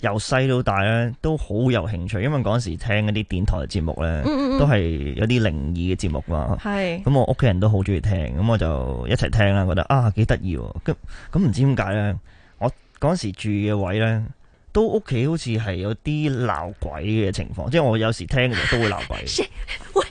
由細到大咧，都好有興趣，因為嗰陣時聽啲電台節目咧，都係有啲靈異嘅節目噶。係，咁我屋企人都好中意聽，咁我就一齊聽啦。覺得啊，幾得意喎！咁咁唔知點解咧？我嗰陣時住嘅位咧，都屋企好似係有啲鬧鬼嘅情況，即係我有時聽嘅時候都會鬧鬼的。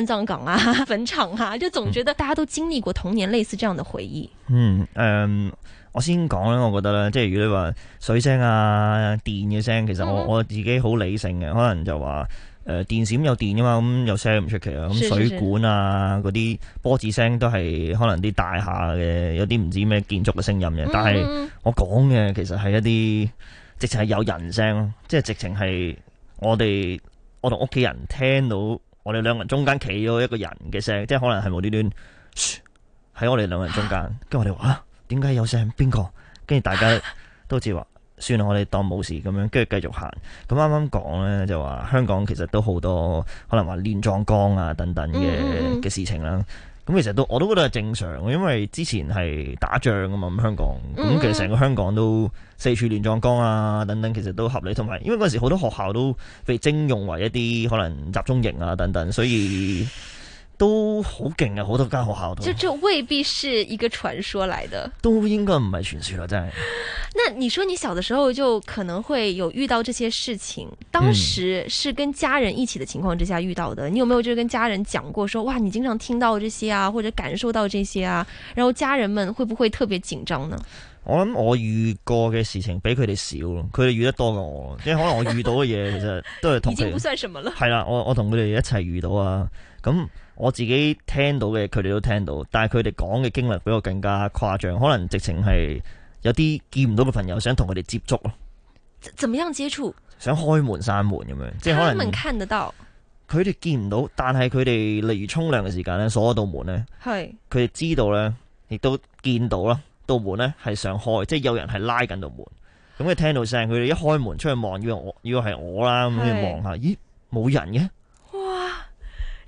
亂葬崗啊，墳場啊，就總覺得大家都經歷過童年類似這樣的回憶。嗯，誒、嗯，我先講咧，我覺得咧，即係如果你話水聲啊、電嘅聲，其實我我自己好理性嘅、嗯嗯，可能就話誒、呃，電閃有電噶嘛，咁有聲唔出奇啊。咁水管啊，嗰啲波子聲都係可能啲大廈嘅有啲唔知咩建築嘅聲音嘅、嗯嗯嗯。但係我講嘅其實係一啲直情係有人聲咯，即係直情係我哋我同屋企人聽到。我哋兩個人中間企咗一個人嘅聲，即係可能係無端端喺我哋兩個人中間，跟住我哋話：啊，點解有聲？邊個？跟住大家都似話，算啦，我哋當冇事咁樣，跟住繼續行。咁啱啱講呢，就話，香港其實都好多可能話亂葬崗啊等等嘅嘅事情啦。嗯嗯咁其實都我都覺得係正常，因為之前係打仗啊嘛，咁香港咁其實成個香港都四處亂葬崗啊等等，其實都合理，同埋，而且因為嗰陣時好多學校都被徵用為一啲可能集中營啊等等，所以。都好勁啊！好多間學校都未必是一個傳說來的，都應該唔係傳說啦，真係。那你說你小的時候就可能會有遇到這些事情，嗯、當時是跟家人一起的情況之下遇到的，你有沒有就跟家人講過說，說哇，你經常聽到這些啊，或者感受到這些啊？然後家人們會不會特別緊張呢？我諗我遇過嘅事情比佢哋少，佢哋遇得多過我，即係可能我遇到嘅嘢其實都係同佢哋 不算什麼啦。係啦，我我同佢哋一齊遇到啊，咁、嗯。我自己聽到嘅佢哋都聽到，但係佢哋講嘅經歷比我更加誇張，可能直情係有啲見唔到嘅朋友想同佢哋接觸咯。怎樣接觸？想開門閂門咁樣，即係可能。佢哋看得到？佢哋見唔到，但係佢哋例如沖涼嘅時間咧，鎖到門咧鎖咗道門咧。係。佢哋知道咧，亦都見到啦，道門咧係想開，即係有人係拉緊道門。咁佢聽到聲，佢哋一開門出去望，以為我，以為係我啦，咁佢望下，咦，冇人嘅。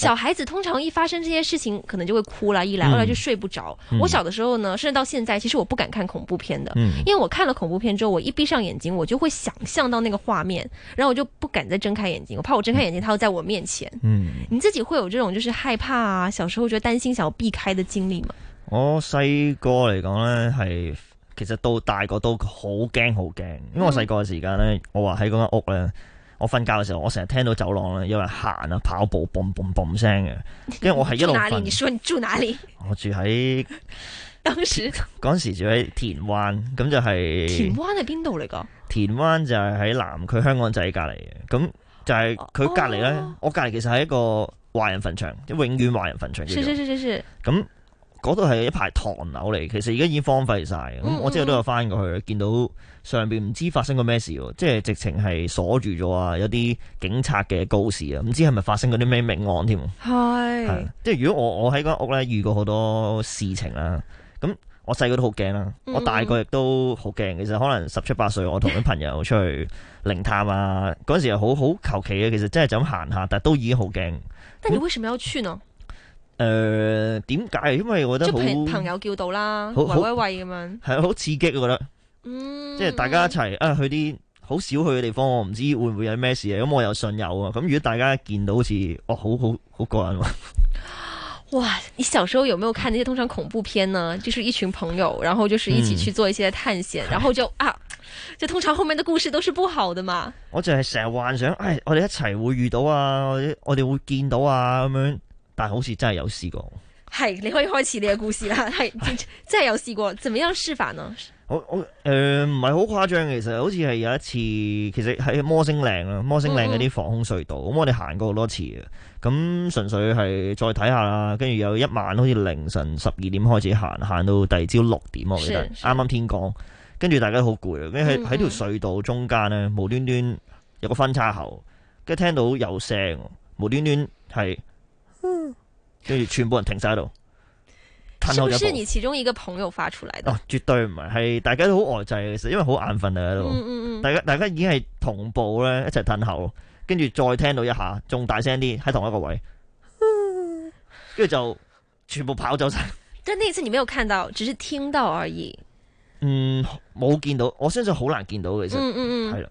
小孩子通常一發生這些事情，可能就會哭啦。一來二來就睡不着，嗯嗯。我小的時候呢，甚至到現在，其實我不敢看恐怖片的，嗯、因為我看了恐怖片之後，我一閉上眼睛，我就會想象到那個畫面，然後我就不敢再睜開眼睛，我怕我睜開眼睛，他會在我面前。嗯，你自己會有這種就是害怕啊，小時候覺得擔心，想要避開的經歷嗎？我細個嚟講呢，係其實到大個都好驚好驚，因為我細個嘅時間呢，嗯、我話喺嗰間屋咧。我瞓覺嘅時候，我成日聽到走廊咧有人行啊、跑步、嘣嘣嘣 m 聲嘅。因為我係一路瞓。住哪裡？你說你住哪裡？我住喺當時，嗰時住喺田灣，咁就係、是、田灣係邊度嚟㗎？田灣就係喺南區香港仔隔離嘅，咁就係佢隔離咧。我隔離其實係一個華人墳場，即永遠華人墳場咁。是是是是。嗰度係一排唐樓嚟，其實而家已經荒廢晒。咁、嗯嗯、我之後都有翻過去，見到上邊唔知發生過咩事喎，即係直情係鎖住咗啊！有啲警察嘅告示啊，唔知係咪發生過啲咩命案添？係，即係如果我我喺間屋咧，遇過好多事情啦。咁我細個都好驚啦，我大個亦都好驚。嗯、其實可能十七八歲，我同啲朋友出去靈探啊，嗰 陣時好好求其嘅，其實真係就咁行下，但係都已經好驚。但你為什麼要去呢？嗯誒、呃，點解？因為我覺得好朋友叫到啦，圍圍圍咁樣，係啊，好刺激我覺得，嗯，即係大家一齊、嗯、啊去啲好少去嘅地方，我唔知會唔會有咩事啊。咁我有信友啊。咁如果大家見到好似，哇，好、哦、好好過癮啊！哇，你小時候有沒有看那些通常恐怖片呢？就是一群朋友，然後就是一起去做一些探險、嗯，然後就啊，就通常後面的故事都是不好的嘛。我就係成日幻想，唉，我哋一齊會遇到啊，我我哋會見到啊咁樣。但好似真係有試過，係你可以開始你嘅故事啦。 係真係有試過，怎麼樣示範呢？我我誒唔係好誇張，其實好似係有一次，其實喺摩星嶺啊，摩星嶺嗰啲防空隧道，咁、嗯嗯、我哋行過好多次啊。咁純粹係再睇下啦。跟住有一晚，好似凌晨十二點開始行，行到第二朝六點，我記得啱啱天光，跟住大家好攰啊。跟住喺條隧道中間咧、嗯嗯，無端端有個分叉口，跟住聽到有聲，無端端係。嗯，跟住全部人停晒喺度，褪後就。是不是你其中一個朋友發出來的？哦，絕對唔係，係大家都好呆滯嘅，因為好眼瞓啊喺度。嗯嗯嗯。大家大家已經係同步咧，一齊褪後，跟住再聽到一下，仲大聲啲，喺同一個位，跟、嗯、住就全部跑走晒。但係那次你沒有看到，只是聽到而已。嗯，冇見到，我相信好難見到嘅，其實，嗯嗯嗯，係、嗯、啦。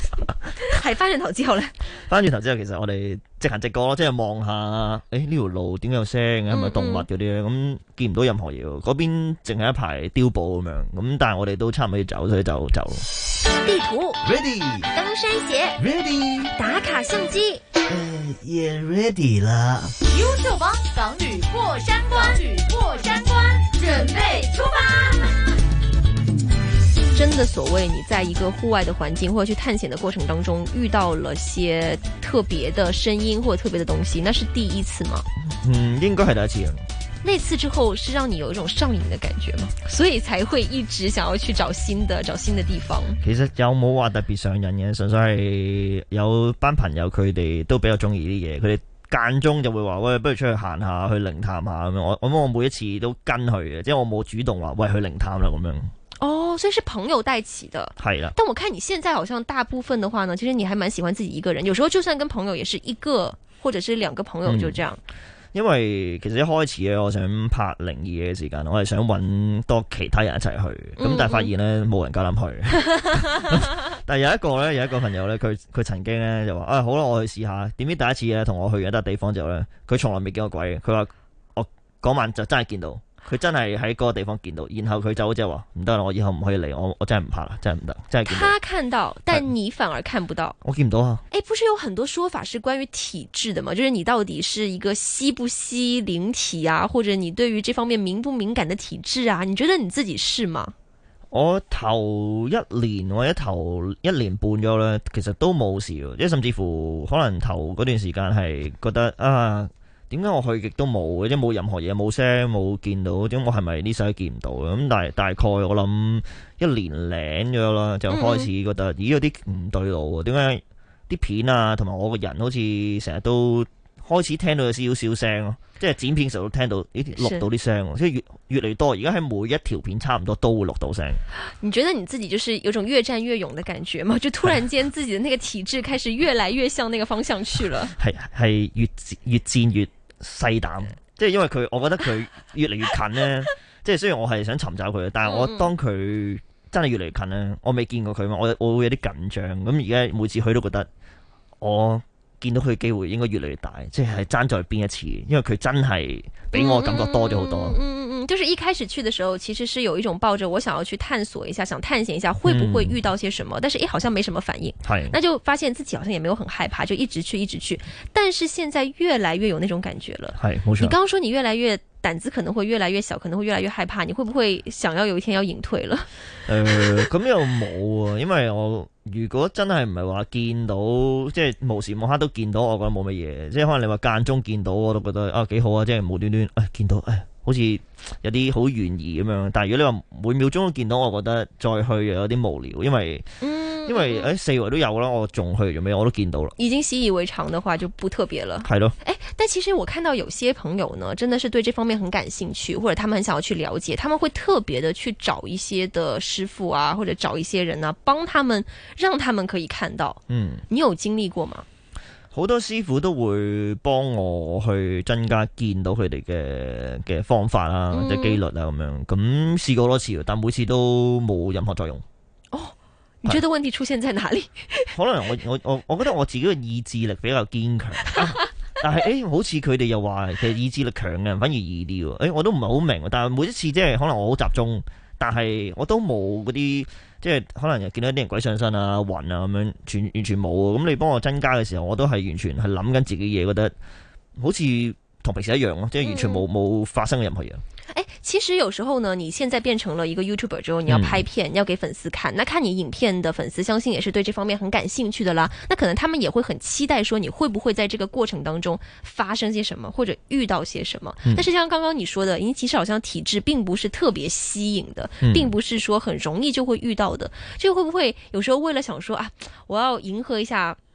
係翻轉頭之後咧，翻轉頭之後，其實我哋直行直過咯，即係望下，誒呢條路點解有聲嘅，係咪動物嗰啲咧？咁、嗯嗯、見唔到任何嘢，嗰邊淨係一排碉堡咁樣，咁但係我哋都差唔多要走，所以就走咯。地圖 ready，ready，登山鞋 ready，ready，打卡相機，誒、uh, yeah，也 ready 啦。優秀幫港女過山關，港女過山關，準備出發。真的所謂，你在一個戶外的環境或者去探險的過程當中，遇到了些特別的聲音或者特別的東西，那是第一次嗎？嗯，應該係第一次。那次之後，是讓你有一種上癮的感覺嗎？所以才會一直想要去找新的、找新的地方。其實有冇話特別上癮嘅？純粹係有班朋友，佢哋都比較中意啲嘢，佢哋間中就會話喂，不如出去行下去靈探下咁樣。我我每一次都跟佢嘅，即係我冇主動話喂去靈探啦咁樣。哦、oh,，所以是朋友帶起的，係啦。但我看你現在好像大部分的話呢，其、就、實、是、你還蠻喜歡自己一個人。有時候就算跟朋友，也是一個或者是兩個朋友就這樣、嗯。因為其實一開始咧，我想拍靈異嘅時間，我係想揾多其他人一齊去。咁但係發現咧，冇人夠膽去。但係有,、嗯嗯、 有一個咧，有一個朋友咧，佢佢曾經咧就話啊、哎，好啦，我去試下。點知第一次咧同我去嘅第一笪地方就咧，佢從來未見過鬼。佢話我嗰晚就真係見到。佢真係喺嗰個地方見到，然後佢就即係話唔得啦，我以後唔可以嚟，我我真係唔怕啦，真係唔得，真係。他看到，但你反而看不到。不我見唔到啊、欸！誒，不是有很多說法是關於體質的嘛？就是你到底是一個吸不吸靈體啊，或者你對於這方面敏不敏感的體質啊？你覺得你自己是嗎？我頭一年，或者頭一年半咗啦，其實都冇事的，即係甚至乎可能頭嗰段時間係覺得啊。點解我去極都冇？即係冇任何嘢，冇聲，冇見到。點我係咪呢世都見唔到。咁但係大概我諗一年零咗啦，就開始覺得、嗯、咦有啲唔對路喎。點解啲片啊同埋我個人好似成日都開始聽到有少少聲咯？即係剪片時候都聽到咦，錄到啲聲喎。即係越越嚟越多。而家喺每一條片差唔多都會錄到聲。你覺得你自己就是有種越戰越勇嘅感覺嘛？就突然間自己嘅那個體質開始越來越向那個方向去了。係 係越越戰越。細膽，即係因為佢，我覺得佢越嚟越近呢， 即係雖然我係想尋找佢，但係我當佢真係越嚟越近咧，我未見過佢嘛，我我會有啲緊張。咁而家每次去都覺得我見到佢嘅機會應該越嚟越大，即係爭在邊一次，因為佢真係俾我的感覺多咗好多。就是一開始去的時候，其實是有一種抱着我想要去探索一下，想探險一下會不會遇到些什麼。嗯、但是，一、欸、好像沒什麼反應，那就發現自己好像也沒有很害怕，就一直去，一直去。但是現在越來越有那種感覺了。你剛剛說你越來越膽子可能會越來越小，可能會越來越害怕，你會不會想要有一天要隱退了？呃，咁又冇啊， 因為我如果真係唔係話見到，即係無時無刻都見到，我覺得冇乜嘢。即係可能你話間中見到，我都覺得啊，幾好啊，即係無端端哎，見到哎。好似有啲好懸疑咁樣，但係如果你話每秒鐘都見到，我覺得再去又有啲無聊，因為、嗯、因為喺四圍都有啦，我仲去做咩？我都見到啦。已經習以為常的話就不特別了。係咯，誒、但其實我看到有些朋友呢，真的是對這方面很感興趣，或者他們很想要去了解，他們會特別的去找一些的師傅啊，或者找一些人啊，幫他們讓他們可以看到。嗯，你有經歷過嗎？好多師傅都會幫我去增加見到佢哋嘅嘅方法啦，或者機率啦咁、嗯、樣。咁試過多次，但每次都冇任何作用。哦，你覺得問題出現在哪裡？可能我我我我覺得我自己嘅意志力比較堅強， 啊、但係誒、欸、好似佢哋又話其實意志力強嘅反而易啲喎、欸。我都唔係好明白，但係每一次即、就、係、是、可能我好集中，但係我都冇嗰啲。即係可能又見到啲人鬼上身啊、暈啊咁樣，全完全冇。咁你幫我增加嘅時候，我都係完全係諗緊自己嘢，覺得好似。同平時一樣咯，即係完全冇冇發生任何嘢、嗯欸。其實有時候呢，你現在變成了一個 YouTuber 之後，你要拍片，你要給粉絲看、嗯。那看你影片的粉絲相信也是對這方面很感興趣的啦。那可能他們也會很期待，說，你會不會在這個過程當中發生些什麼，或者遇到些什麼。嗯、但是像剛剛你說的，你其實好像體質並不是特別吸引的，並不是說很容易就會遇到的。這會不會有時候為了想說啊，我要迎合一下？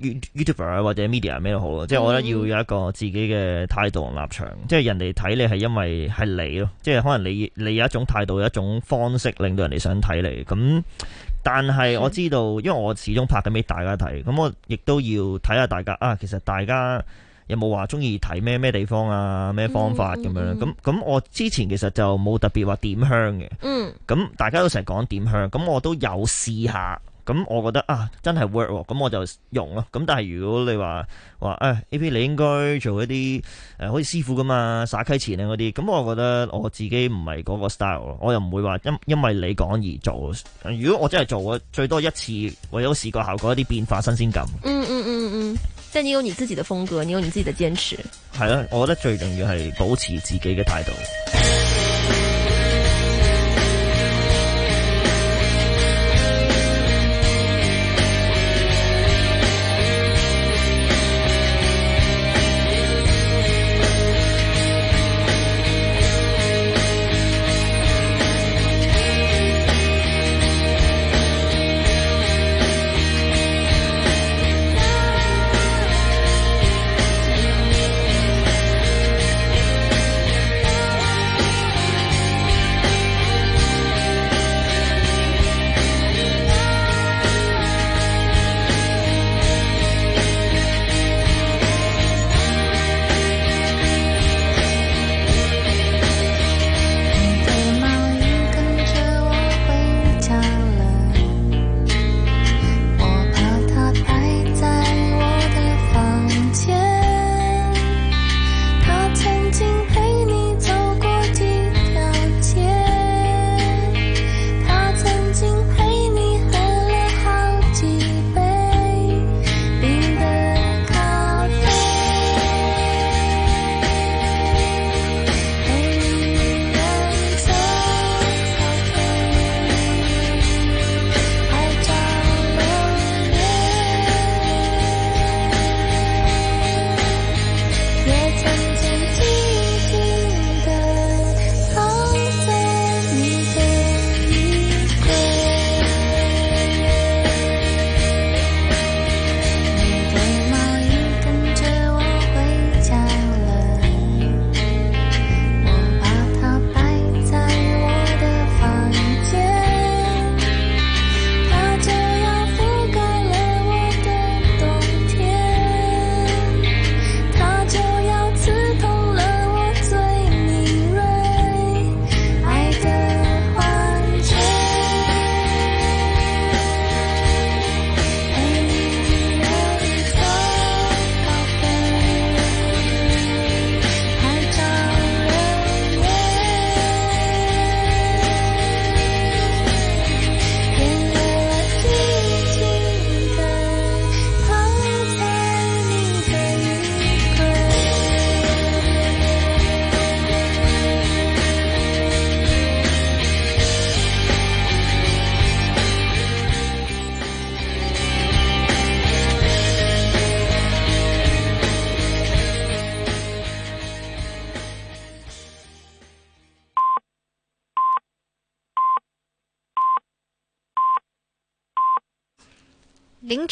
YouTuber 或者 media 咩都好，即係我覺得要有一個自己嘅態度立場。嗯、即係人哋睇你係因為係你咯，即係可能你你有一種態度、一種方式令到人哋想睇你。咁但係我知道、嗯，因為我始終拍緊俾大家睇，咁我亦都要睇下大家啊。其實大家有冇話中意睇咩咩地方啊，咩方法咁樣？咁、嗯、咁、嗯、我之前其實就冇特別話點香嘅。嗯。咁大家都成日講點香，咁我都有試下。咁我覺得啊，真係 work 喎，咁我就用咯。咁但係如果你話話、啊、AP 你應該做一啲、呃、好似師傅咁嘛，撒溪錢啊嗰啲，咁我覺得我自己唔係嗰個 style，我又唔會話因因為你講而做。如果我真係做，最多一次，我有試過效果一啲變化、新鮮感。嗯嗯嗯嗯嗯，即、嗯、係你有你自己的風格，你有你自己的堅持。係咯、啊，我覺得最重要係保持自己嘅態度。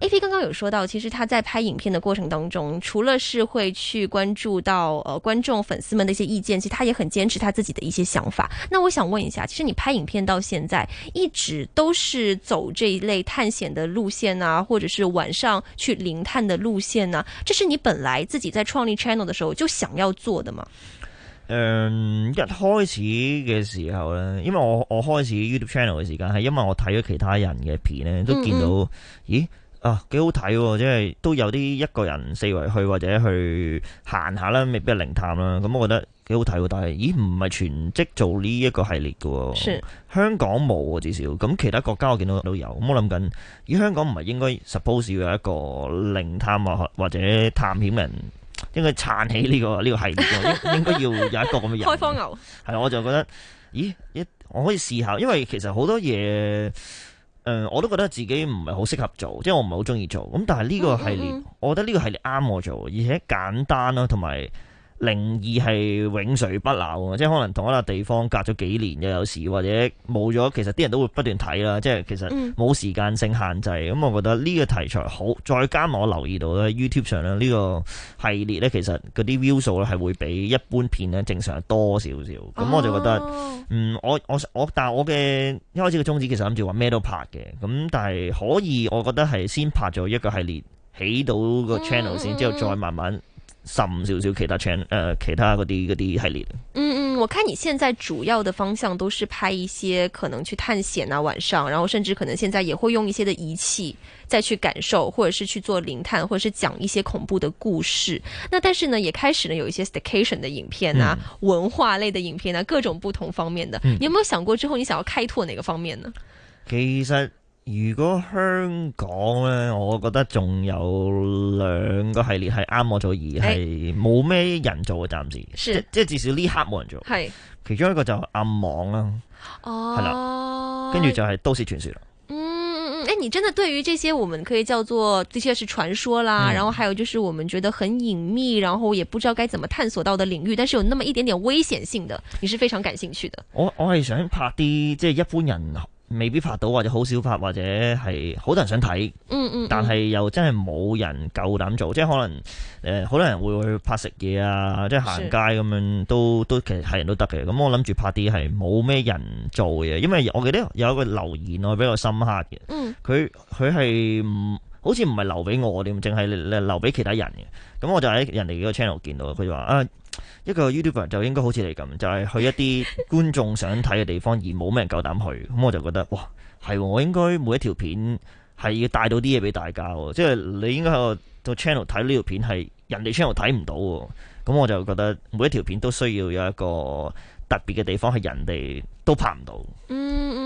A.P. 剛剛有說到，其實他在拍影片的過程當中，除了是會去關注到，呃，觀眾粉絲們的一些意見，其實他也很堅持他自己的一些想法。那我想問一下，其實你拍影片到現在，一直都是走這一類探險的路線啊，或者是晚上去零探的路線啊？這是你本來自己在創立 channel 的時候就想要做的嗎？嗯，一開始嘅時候呢，因為我我開始 YouTube channel 嘅時間係因為我睇咗其他人嘅片呢，都見到嗯嗯咦。啊，幾好睇，即係都有啲一個人四圍去或者去行下啦，未必係靈探啦。咁我覺得幾好睇，但係，咦，唔係全職做呢一個系列嘅，香港冇至少沒。咁其他國家我見到都有。咁我諗緊，咦，香港唔係應該 suppose 有一個靈探啊，或者探險人應該撐起呢個呢個系列， 應應該要有一個咁嘅人。開荒牛係，我就覺得，咦，一我可以試下，因為其實好多嘢。嗯，我都覺得自己唔係好適合做，即係我唔係好中意做。咁但係呢個系列，嗯嗯嗯我覺得呢個系列啱我做，而且簡單啦，同埋。靈異係永垂不朽，即係可能同一笪地方隔咗幾年又，有時，或者冇咗，其實啲人都會不斷睇啦。即係其實冇時間性限制，咁、嗯、我覺得呢個題材好。再加埋我留意到咧，YouTube 上咧呢個系列咧，其實嗰啲 view 數咧係會比一般片咧正常多少少。咁我就覺得，哦、嗯，我我我，但我嘅一開始嘅宗旨其實諗住話咩都拍嘅。咁但係可以，我覺得係先拍咗一個系列起到個 channel 先，之後再慢慢。滲少少其他 c h a n 其他嗰啲嗰啲系列。嗯嗯，我看你現在主要的方向都是拍一些可能去探險啊，晚上，然後甚至可能現在也會用一些的儀器再去感受，或者是去做靈探，或者是講一些恐怖的故事。那但是呢，也開始呢有一些 station 的影片啊、嗯，文化類的影片啊，各種不同方面的、嗯。你有沒有想過之後你想要開拓哪個方面呢？其實。如果香港咧，我覺得仲有兩個系列係啱我做，而係冇咩人做嘅暫時，即即至少呢刻冇人做。係其中一個就暗網啦，係、啊、啦，跟住就係都市傳說啦。嗯嗯誒，你真係對於這些我們可以叫做這些是傳說啦，然後還有就是我們覺得很隱秘，然後也不知道該怎麼探索到的領域，但是有那麼一點點危險性的，你是非常感興趣的。我我係想拍啲即、係、一般人。未必拍到或者好少拍或者係好多人想睇，嗯嗯，但係又真係冇人夠膽做，嗯、即係可能誒，好、呃、多人會，會去拍食嘢啊，即係行街咁樣，都都其實係人都得嘅。咁我諗住拍啲係冇咩人做嘅，因為我記得有一個留言我比較深刻嘅，佢佢係唔。好似唔係留俾我添，淨係留俾其他人嘅。咁我就喺人哋嘅 channel 見到，佢就話：啊，一個 YouTuber 就應該好似你咁，就係、是、去一啲觀眾想睇嘅地方， 而冇咩人夠膽去。咁我就覺得，哇，係、哦、我應該每一條片係要帶到啲嘢俾大家。即、就、係、是、你應該喺個 channel 睇呢條片的道看不的，係人哋 channel 睇唔到。咁我就覺得每一條片都需要有一個特別嘅地方，係人哋都拍唔到。嗯。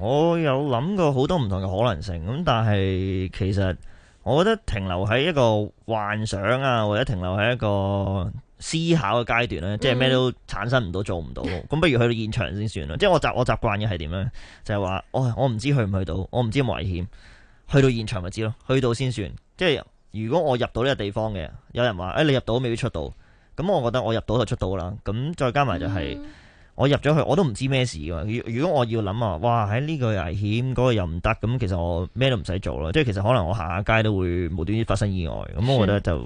我有諗過好多唔同嘅可能性，咁但係其實我覺得停留喺一個幻想啊，或者停留喺一個思考嘅階段咧，嗯、即係咩都產生唔到，做唔到，咁不如去到現場先算啦。 即係我習我習慣嘅係點咧，就係、是、話、哦，我我唔知去唔去到，我唔知有冇危險，去到現場咪知咯，去到先算。即係如果我入到呢個地方嘅，有人話，誒、哎、你入到未必出到，咁我覺得我入到就出到啦。咁再加埋就係、是。嗯我入咗去了，我都唔知咩事噶。如如果我要諗啊，哇喺呢、這個危險，嗰、那個又唔得，咁其實我咩都唔使做咯。即係其實可能我行下街都會無端端發生意外。咁我覺得就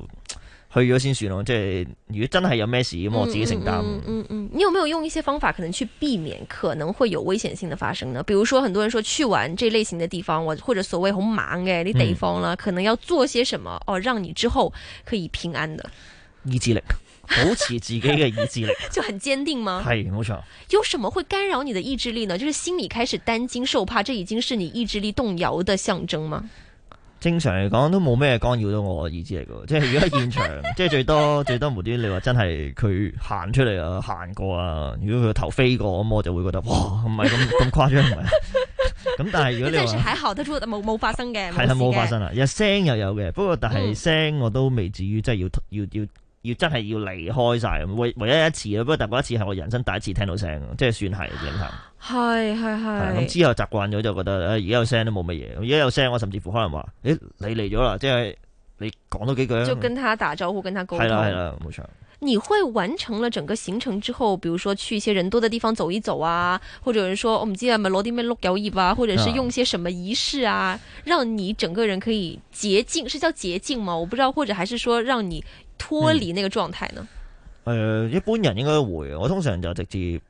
去咗先算咯。即係如果真係有咩事，咁我自己承擔。嗯嗯，嗯，嗯，嗯，你有冇用一些方法可能去避免可能會有危險性嘅發生呢？比如說很多人說去玩這類型嘅地方，或者所謂好猛嘅啲地方啦、嗯，可能要做些什麼哦，讓你之後可以平安的意志力。保持自己嘅意志力， 就很堅定嗎？係冇錯。有什麼會干擾你的意志力呢？就是心裏開始擔驚受怕，這已經是你意志力動搖的象徵嗎？正常嚟講都冇咩干擾到我意志力嘅，即係如果喺現場， 即係最多最多無端，你話真係佢行出嚟啊，行過啊，如果佢個頭飛過咁，我就會覺得哇，唔係咁咁誇張，咁、 啊、 但係如果你話，暫時還得出，冇冇發生嘅，係啦冇發生啦，有聲又有嘅，不過但係聲我都未至於真係要要要。要要要真係要離開曬，唯唯一一次咯。不過，但嗰一次係我人生第一次聽到聲，即係算係影響。係係係。咁之後習慣咗就覺得，誒而家有聲都冇乜嘢。而家有聲，我甚至乎可能話，誒你嚟咗啦，即係你講多幾句。就跟他打招呼，跟他溝通。係啦係啦，冇錯。你會完成了整個行程之後，譬如說去一些人多的地方走一走啊，或者有人說，我唔知係咪攞啲咩碌柚葉啊，或者是用一些什麼儀式啊，讓你整個人可以潔淨，是叫潔淨嘛？我不知道，或者還是說，讓你。脱離那個狀態呢？誒、嗯呃，一般人應該會，我通常就直接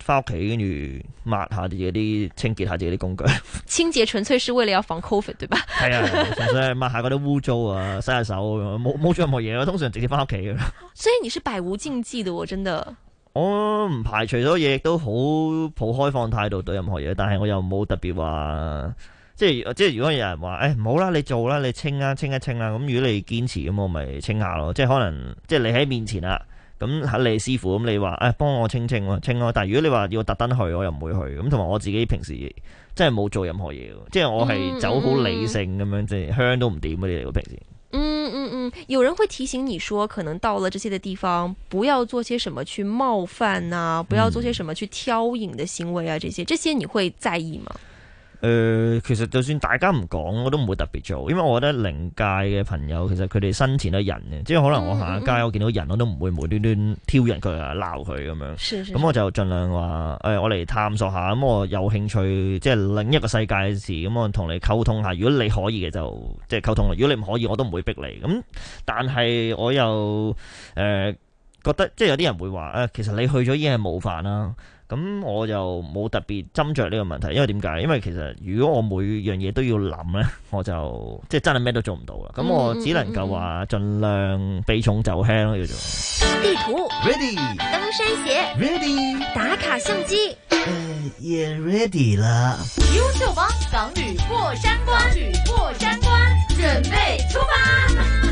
翻屋企跟住抹下啲嘢，啲清潔下自己啲工具。清潔純粹是為了要防 Covid，對吧？係 啊，純粹抹下嗰啲污糟啊，洗下手、啊，冇冇做任何嘢，我通常直接翻屋企嘅。所以你是百無禁忌的、哦，我真的。我唔排除咗嘢，亦都好好開放態度對任何嘢，但係我又冇特別話。即係即係，如果有人話，誒唔好啦，你做啦，你清啊，清一清啊咁。如果你堅持咁，我咪清下咯。即係可能即係你喺面前啦，啊，咁喺你師傅咁，你話誒幫我清清咯，啊，清咯，啊。但係如果你話要特登去，我又唔會去。咁同埋我自己平時真係冇做任何嘢，即係我係走好理性咁，嗯嗯，樣，即係香都唔點嗰啲嚟平時。嗯嗯嗯，有人會提醒你說，可能到了這些嘅地方，不要做些什麼去冒犯啊，不要做些什麼去挑釁的行為啊，這，嗯、些這些你會在意嗎？誒、呃，其實就算大家唔講，我都唔會特別做，因為我覺得靈界嘅朋友其實佢哋生前都係人嘅，即係可能我行下街我見到人，嗯嗯我都唔會無端端挑釁佢啊，鬧佢咁樣。咁我就盡量話、哎、我嚟探索下，咁我有興趣即係另一個世界嘅事，咁我同你溝通下。如果你可以嘅就即係溝通，如果你唔可以，我都唔會逼你。咁但係我又誒、呃、覺得即係有啲人會話、呃、其實你去咗已經係冒犯啦。咁我就冇特別斟酌呢個問題，因為點解？因為其實如果我每樣嘢都要諗咧，我就即係真係咩都做唔到啦。咁我只能夠話盡量避重就輕咯，叫、嗯嗯嗯嗯、做。地圖，ready。登山鞋，ready。打卡相機，也、uh, uh, yeah, ready 啦。YouTube 港女過山關，女過山關，準備出發。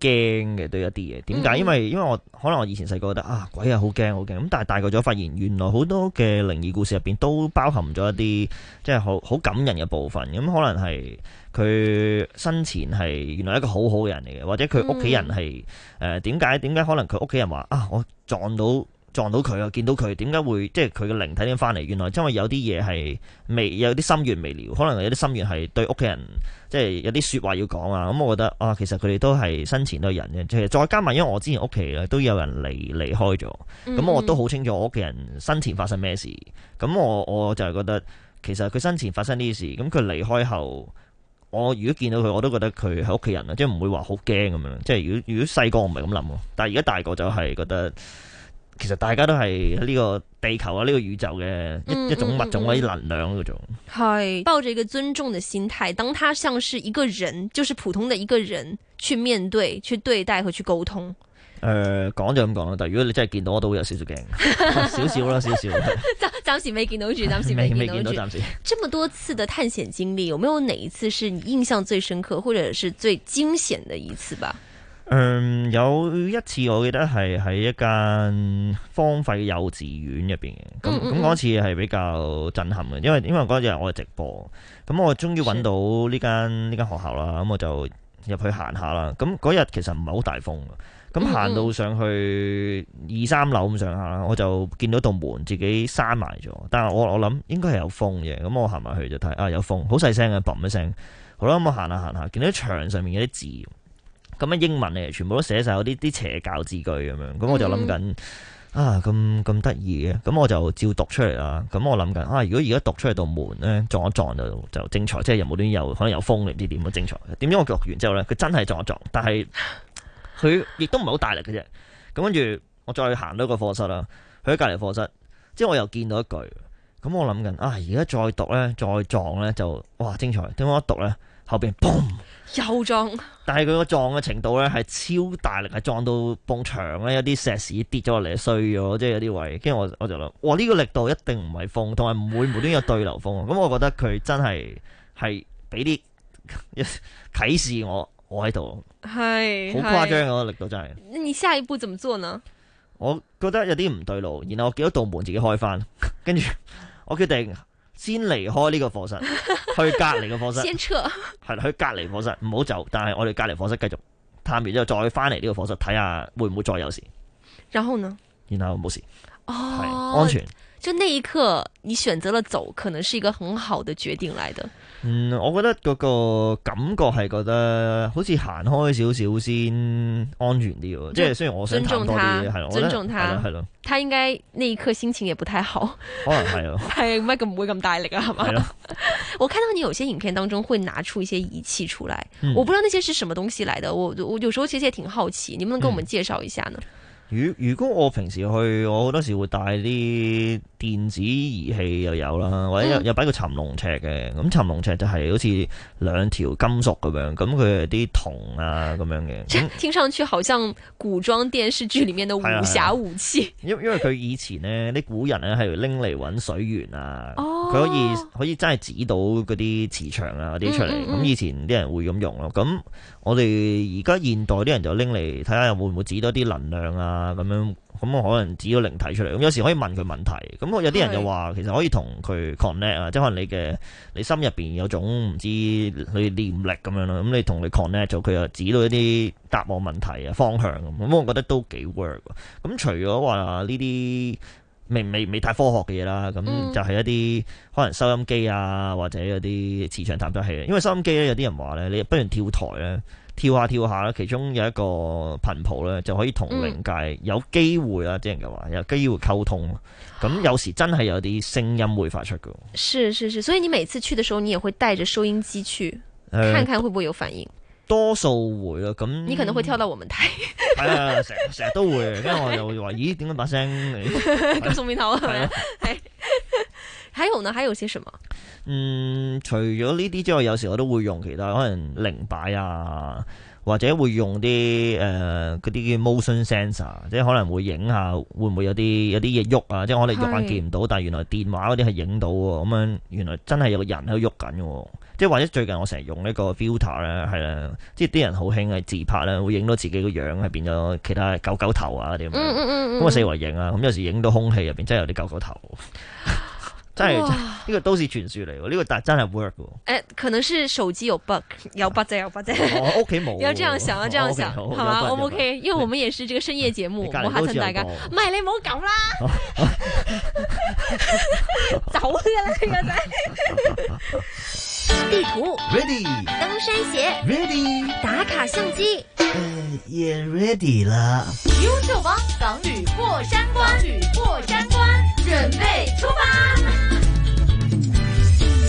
驚嘅對一啲嘢，點解？因為因為我可能我以前細個覺得啊，鬼啊好驚好驚，咁但係大個咗發現，原來好多嘅靈異故事入邊都包含咗一啲即係好好感人嘅部分。咁可能係佢生前係原來一個好好嘅人嚟嘅，或者佢屋企人係誒，點解點解？嗯呃、可能佢屋企人話啊，我撞到。撞到佢啊！見到佢點解會即係佢嘅靈體點樣翻嚟？原來因為有啲嘢係未有啲心願未了，可能有啲心願係對屋企人即係有啲説話要講啊。咁我覺得啊，其實佢哋都係生前都係人嘅，即係再加埋，因為我之前屋企咧都有人離離開咗，咁我都好清楚我屋企人生前發生咩事。咁我我就係覺得其實佢生前發生呢啲事，咁佢離開後，我如果見到佢，我都覺得佢係屋企人啊，即係唔會話好驚咁樣。即係如果如果細個唔係咁諗喎，但係而家大個就係覺得。其實大家都係呢個地球啊，呢、這個宇宙嘅一一種物種嗰啲能量嗰種。係、嗯嗯嗯，抱着一個尊重嘅心態，當他像是一個人，就是普通的一個人去面對、去對待和去溝通。誒、呃，講就咁講啦，但係如果你真係見到，我都會有少 少驚，少少啦，少少。暫時未見到住，暫時未見到住到暫時。這麼多次的探險經歷，有沒有哪一次是你印象最深刻，或者是最驚險的一次吧？嗯，有一次我記得係喺一間荒廢幼稚園入邊嘅，咁咁嗰次係比較震撼嘅，因為因為嗰日我係直播，咁我終於揾到呢間呢間學校啦，咁我就入去行下啦。咁嗰日其實唔係好大風，咁行到上去二三樓咁上下啦，我就見到道門自己閂埋咗，但係我我諗應該係有風嘅，咁我行埋去就睇，啊有風，好細聲嘅，嘣一聲，好啦，咁我行下行下，見到牆上面有啲字。咁嘅英文嚟，全部都寫晒有啲啲邪教字句咁樣，咁我就諗緊、嗯、啊，咁咁得意嘅，咁我就照讀出嚟啦。咁我諗緊啊，如果而家讀出嚟到門咧撞一撞就就精彩，即係又冇端又可能有風，你唔知點啊精彩。點知我讀完之後咧，佢真係撞一撞，但係佢亦都唔係好大力嘅啫。咁跟住我再行到一個課室啦，佢喺隔籬課室，之後我又見到一句，咁我諗緊啊，而家再讀咧，再撞咧就哇精彩。點解我讀咧？後邊嘣，又是他的撞，但係佢個撞嘅程度咧係超大力，係撞到崩牆咧，有啲石屎跌咗落嚟衰咗，即係、就是、有啲位置。跟住我我就諗，哇呢、這個力度一定唔係風，同埋唔會無端有對流風。咁 我覺得佢真係係俾啲啟示我，我喺度係好誇張嘅力度真係。 你下一步怎麼做呢？我覺得有啲唔對路，然後我見到道門自己開翻，跟 住我決定。先離開呢個課室，去隔籬嘅課室。 先撤的。係去隔籬課室，唔好走。但係我哋隔籬課室繼續探完之後再，再翻嚟呢個課室睇下，會唔會再有事？然後呢？然後冇事。哦，安全。就那一刻，你選擇了走，可能是一個很好的決定來的。嗯，我覺得嗰個感覺係覺得好似行開少少先安全啲。嗯，即係雖然我想。尊重他。尊重他。係咯，他他應該那一刻心情也不太好。可能係咯。係唔係咁唔會咁大力啊？係嘛。 我看到你有些影片當中會拿出一些儀器出來，嗯，我不知道那些是什麼東西來的。我我有時候其實也挺好奇，你能不能跟我們介紹一下呢？嗯如如果我平時去，我好多時會帶啲電子儀器又有啦，或者又擺、嗯、個尋龍尺嘅。咁尋龍尺就係好似兩條金屬咁樣，咁佢係啲銅啊咁樣嘅。聽上去好像古裝電視劇裡面嘅武俠武器。因、嗯嗯嗯嗯嗯、因為佢以前呢啲古人咧係拎嚟揾水源啊，佢、哦、可以可以真係指到嗰啲磁場啊嗰啲出嚟。咁、嗯嗯嗯、以前啲人會咁用咯。咁我哋而家現代啲人就拎嚟睇下會唔會指多啲能量啊？啊，咁樣咁我可能指咗靈體出嚟，咁有時可以問佢問題，咁我有啲人又話，其實可以同佢 connect 啊，即係可能你嘅你心入邊有種唔知你念力咁樣咯，咁你同佢 connect 咗，佢又指到一啲答案問題啊方向咁，咁我覺得都幾 work。咁除咗話呢啲未未未，未太科學嘅嘢啦，咁就係一啲、嗯、可能收音機啊或者有啲磁場探測器，因為收音機咧有啲人話咧，你不如跳台咧。跳下跳下啦，其中有一個頻譜咧，就可以同靈界有機會啊！啲人嘅話有機會溝通，咁、啊、有時真係有啲聲音會發出嘅。是是是，所以你每次去嘅時候，你也會帶着收音機去，看看會不會有反應。多數會啦、啊，咁你可能會跳到我們台。係啊，成成日都會，跟住我又話：咦，點解把聲咁送鼻喉啊？ 是的 是的 還有呢？還有些什麼？嗯，除咗呢啲之外，有時候我都會用其他可能靈擺啊，或者會用啲誒嗰啲叫 motion sensor，即係可能會影下會唔會有啲有啲嘢喐啊，即係我哋眼見唔到，但係原來電話嗰啲係影到，咁樣原來真係有個人喺度喐緊嘅，即係或者最近我成日用呢個 filter 咧，係啦，即係啲人好興係自拍咧，會影到自己個樣係變咗其他狗狗頭啊啲咁樣，咁、嗯、啊、嗯嗯嗯、四圍影啊，咁有時影到空氣入邊真係有啲狗狗頭。呵呵真係呢個都是傳說嚟，呢、這個但真係 work 誒，可能是手機有 bug，有 bug 有 bug 我屋企冇。哦、okay, 要這樣想，要這樣想。哦、okay, 好，好，O、okay, K。因為，我們也是這個深夜節目，我嚇親大家。唔係你唔好咁啦， 走啦呢個仔， 地圖，ready。登山鞋，ready。打卡相機，誒、uh, yeah,，也 ready 啦。YouTube 幫港女過山關，港女過山關，準備出發。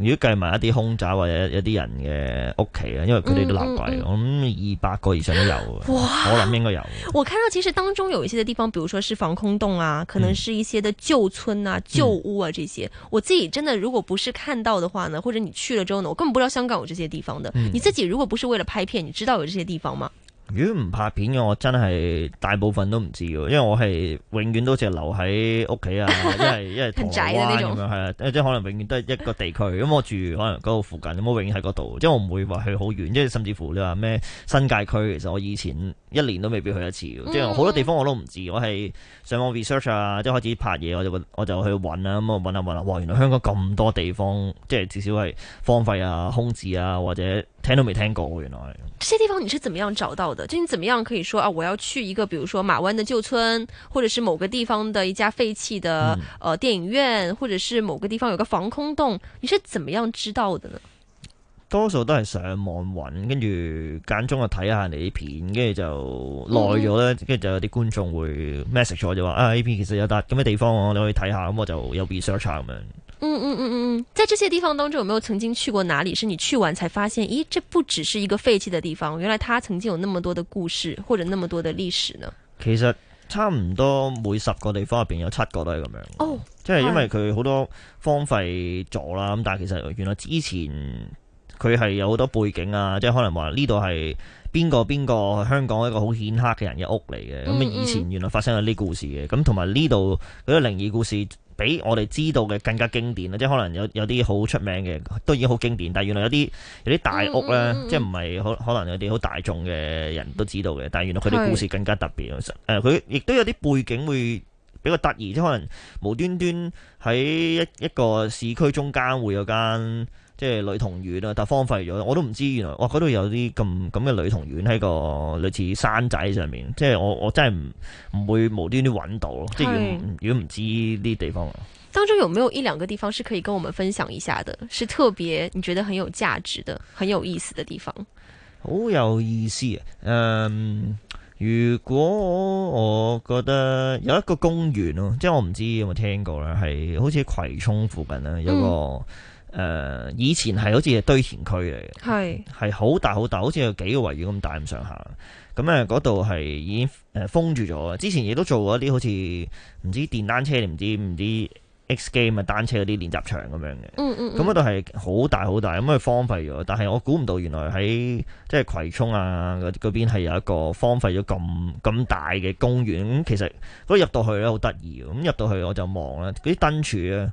如果計埋一啲凶宅或者一啲人嘅屋企啊，因為佢哋都留鬼、嗯嗯嗯，我諗二百個以上都有。我諗應該有。我看到其實當中有一些嘅地方，比如說是防空洞啊，可能是一些嘅舊村啊、舊、嗯、屋啊這些。我自己真的如果不是看到嘅話呢，或者你去了之後呢，我根本不知道香港有這些地方的。你自己如果不是為了拍片，你知道有這些地方嗎？如果唔拍片嘅，我真係大部分都唔知嘅，因為我係永遠都淨係留喺屋企啊，因為因為台灣咁樣係啊，即係 可能永遠都係一個地區，咁 我住可能嗰度附近，咁我永遠喺嗰度，即係我唔會話去好遠，即係甚至乎你話咩新界區，其實我以前一年都未必去一次，即係好多地方我都唔知，我係上網 research 啊，即係開始拍嘢我就我就去搵啊，咁啊搵下揾下，哇原來香港咁多地方，即係至少係荒廢啊、空置啊或者。聽都未聽過，原來。這些地方你是怎麼樣找到的？就你怎麼樣可以說啊，我要去一個，比如說馬灣的舊村，或者是某個地方的一家廢棄的，嗯、呃電影院，或者是某個地方有個防空洞，你是怎麼樣知道的呢？多數都係上網揾，跟住間中就睇下你啲片，跟住就耐咗呢，跟、嗯、住就有啲觀眾會 message 咗就話啊呢片其實有笪咁嘅地方，我你可以睇下，咁我就有 research 咁樣。嗯嗯嗯嗯嗯，在這些地方當中，有沒有曾經去過哪裏？是你去完才發現，咦，這不只是一個廢棄的地方，原來它曾經有那麼多的故事或者那麼多的歷史呢？其實差唔多每十個地方入邊有七個都係咁樣，哦，即係因為佢好多荒廢咗啦，咁但係其實原來之前。佢係有好多背景啊，即係可能話呢度係邊個邊個香港一個好顯赫嘅人嘅屋嚟嘅。咁、嗯嗯、以前原來發生咗呢故事嘅。咁同埋呢度嗰啲靈異故事，比我哋知道嘅更加經典啊。即係可能有有啲好出名嘅，都已經好經典。但係原來有啲有啲大屋呢，嗯嗯即係唔係可可能有啲好大眾嘅人都知道嘅。但係原來佢啲故事更加特別。其實誒，佢亦都有啲背景會比較特別，即可能無端端喺一一個市區中間會有間。即係女童院啦，但荒廢咗，我都唔知原來哇，嗰度有啲咁咁嘅女童院喺個類似山仔上面，即係我我真係唔唔會無端端揾到，即係如果唔知呢啲地方。當中有沒有一兩個地方是可以跟我們分享一下的？是特別你覺得很有價值的、很有意思的地方？好有意思、啊，嗯、um，如果我覺得有一個公園咯，即係我唔知有冇聽過啦，係好似葵涌附近啦有個。嗯誒、呃，以前係好似係堆填區嚟嘅，係係好大好大，好似有幾個圍繞咁大咁上下。咁啊，嗰度係已經誒封住咗。之前亦都做過一啲好似唔知電單車，唔知唔知 XGame 啊單車嗰啲練習場咁樣嘅。嗯嗯，嗯。咁嗰度係好大好大，咁佢荒廢咗。但係我估唔到，原來喺即係葵涌啊嗰邊係有一個荒廢咗咁咁大嘅公園。咁其實嗰入到去咧好得意。咁入到去我就望啦，嗰啲燈柱啊。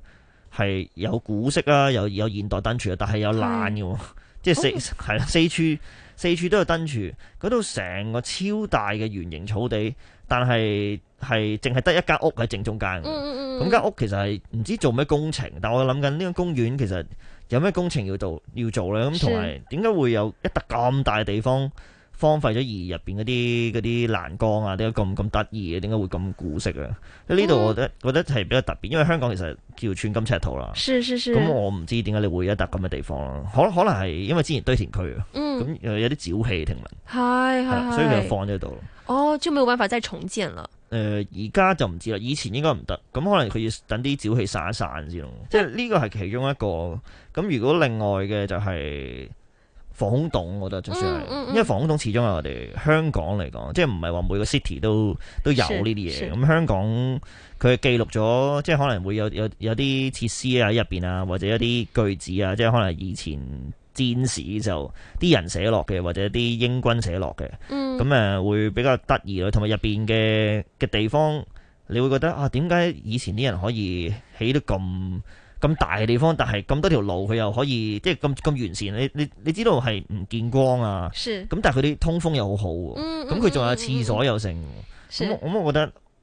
係有古式啦，有有現代燈柱，但係有爛嘅，即、嗯、係 四係啦，四處四處都有燈柱，嗰度成個超大嘅圓形草地，但係係淨係得一間屋喺正中間嘅。咁間屋其實係唔知做咩工程，但我諗緊呢個公園其實有咩工程要做要做咧。咁同埋點解會有一笪咁大嘅地方？荒廢咗而入邊嗰啲嗰啲欄杆啊，點解咁咁得意嘅？點解會咁古色啊？呢、嗯、度，我得覺得係比較特別，因為香港其實叫寸金尺土啦。咁我唔知點解你會一笪咁嘅地方咯？可可能係因為之前堆填區啊。咁、嗯、有啲沼氣停埋。係所以佢就放喺度。哦，就冇辦法再重建啦。誒、呃，而家就唔知啦。以前應該唔得，咁可能佢要等啲沼氣散一散先咯。即係呢個係其中一個。咁如果另外嘅就係、是。防空洞，我覺得就算係、嗯嗯嗯，因為防空洞始終係我哋香港嚟講，即係唔係話每個 city 都都有呢啲嘢。咁香港佢記錄咗，即係可能會有有有啲設施啊喺入邊啊，或者一啲句子啊、嗯，即係可能以前戰士就啲人寫落嘅，或者啲英軍寫落嘅。咁、嗯、誒會比較得意咯，同埋入邊嘅嘅地方，你會覺得啊，點解以前啲人可以起得咁？咁大嘅地方，但係咁多條路，佢又可以即係咁咁完善。你你你知道係唔見光啊？咁但係佢啲通風好、啊嗯嗯嗯、又好好，咁佢仲有廁所有成。咁我，我覺得。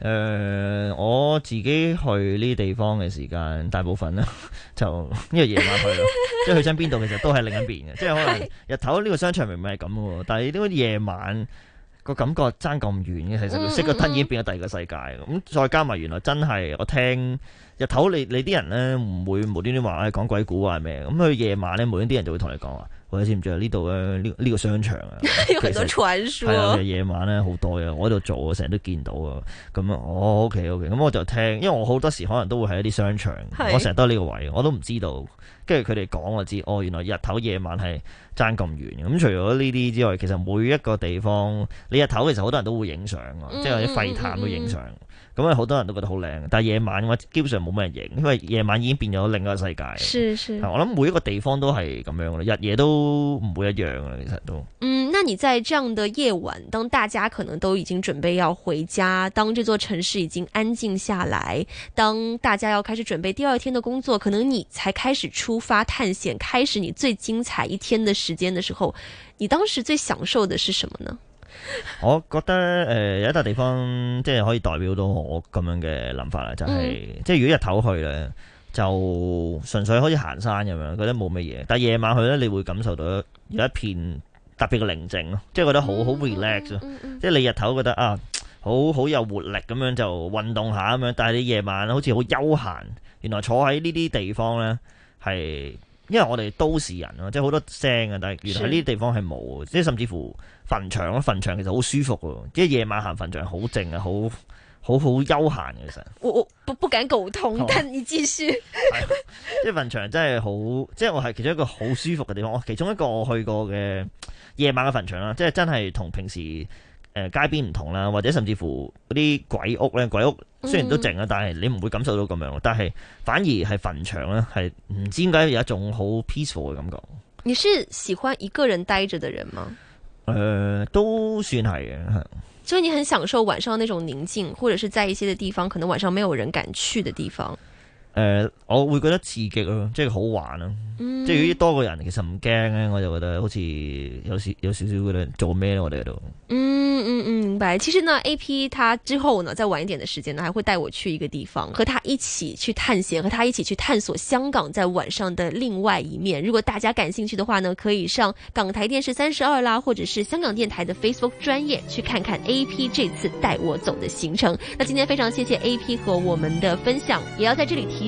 誒、呃、我自己去呢啲地方嘅時間，大部分咧 就因為夜晚去咯，即 係去親邊度其實都係另一邊嘅， 即係可能日頭呢個商場明明係咁喎，但係啲夜晚。個感覺差咁遠嘅，其實佢識個吞已經變咗第二個世界。咁、嗯嗯嗯嗯、再加埋原來真係，我聽日頭你你啲人咧唔會無端端話咧講鬼古話咩？咁佢夜晚咧，無端啲人就會同你講話，喂，你知唔知啊？呢度嘅呢呢個商場啊， 有很多傳說。係啊，夜晚咧好多嘅，我喺度做啊，成日都見到啊。咁啊，我 OK OK，咁我就聽，因為我好多時可能都會喺一啲商場，我成日都喺呢個位，我都唔知道。跟住佢哋講我知，哦，原來日頭夜晚係爭咁遠嘅。咁除咗呢啲之外，其實每一個地方，你日頭其實好多人都會影相嘅，即係啲廢談都影相。咁啊，好多人都覺得好靚，但係夜晚嘅話，基本上冇咩人影，因為夜晚已經變咗另一個世界。係係，我諗每一個地方都係咁樣咯，日夜都唔會一樣嘅，其實都。嗯，那你在這樣的夜晚，當大家可能都已經準備要回家，當這座城市已經安靜下來，當大家要開始準備第二天的工作，可能你才開始出發探險，開始你最精彩一天的時間的時候，你當時最享受的是什麼呢？ 我覺得誒、呃，有一笪地方即係可以代表到我咁樣嘅諗法啦，就係、是、即係如果日頭去咧，就純粹可以行山咁樣，覺得冇乜嘢。但係夜晚去咧，你會感受到有一片特別嘅寧靜咯，即係覺得好好 relax 咯。 即係你日頭覺得啊，好好有活力咁樣就運動下咁樣，但係你夜晚好似好悠閒，原來坐喺呢啲地方咧係。是因為我哋都市人咯，即係好多聲啊，但係原來喺呢啲地方係冇，是即係甚至乎墳場咯。墳場其實好舒服嘅，即係夜晚行墳場好靜啊，好好好悠閒嘅其實。我我不不敢苟同，啊、但你繼續、 哎。即係墳場真係好，即係我係其中一個好舒服嘅地方。我其中一個我去過嘅夜晚嘅墳場啦，即係真係同平時。誒，街邊唔同啦，或者甚至乎啲鬼屋咧，鬼屋雖然都靜啊，但係你唔會感受到咁樣。但係反而係墳場咧，係唔知點解有一種好 peaceful 嘅感覺。你是喜歡一個人呆着的人嗎？誒、呃，都算係嘅，係。所以你很享受晚上那種寧靜，或者是在一些的地方，可能晚上沒有人敢去的地方。呃、我會覺得刺激咯，即係好玩咯、嗯，即係如果多個人，其實唔驚，我就覺得好似有少有少少覺得做咩呢？我哋度。嗯嗯嗯，明白。其實呢，A P 他之後呢，再晚一點的時間呢，還會帶我去一個地方，和他一起去探險，和他一起去探索香港在晚上的另外一面。如果大家感興趣的話呢，可以上港台電視三十二啦，或者是香港電台的 Facebook 專頁去看看 A P 這次帶我走的行程。那今天非常謝謝 A P 和我們的分享，也要在這裏提。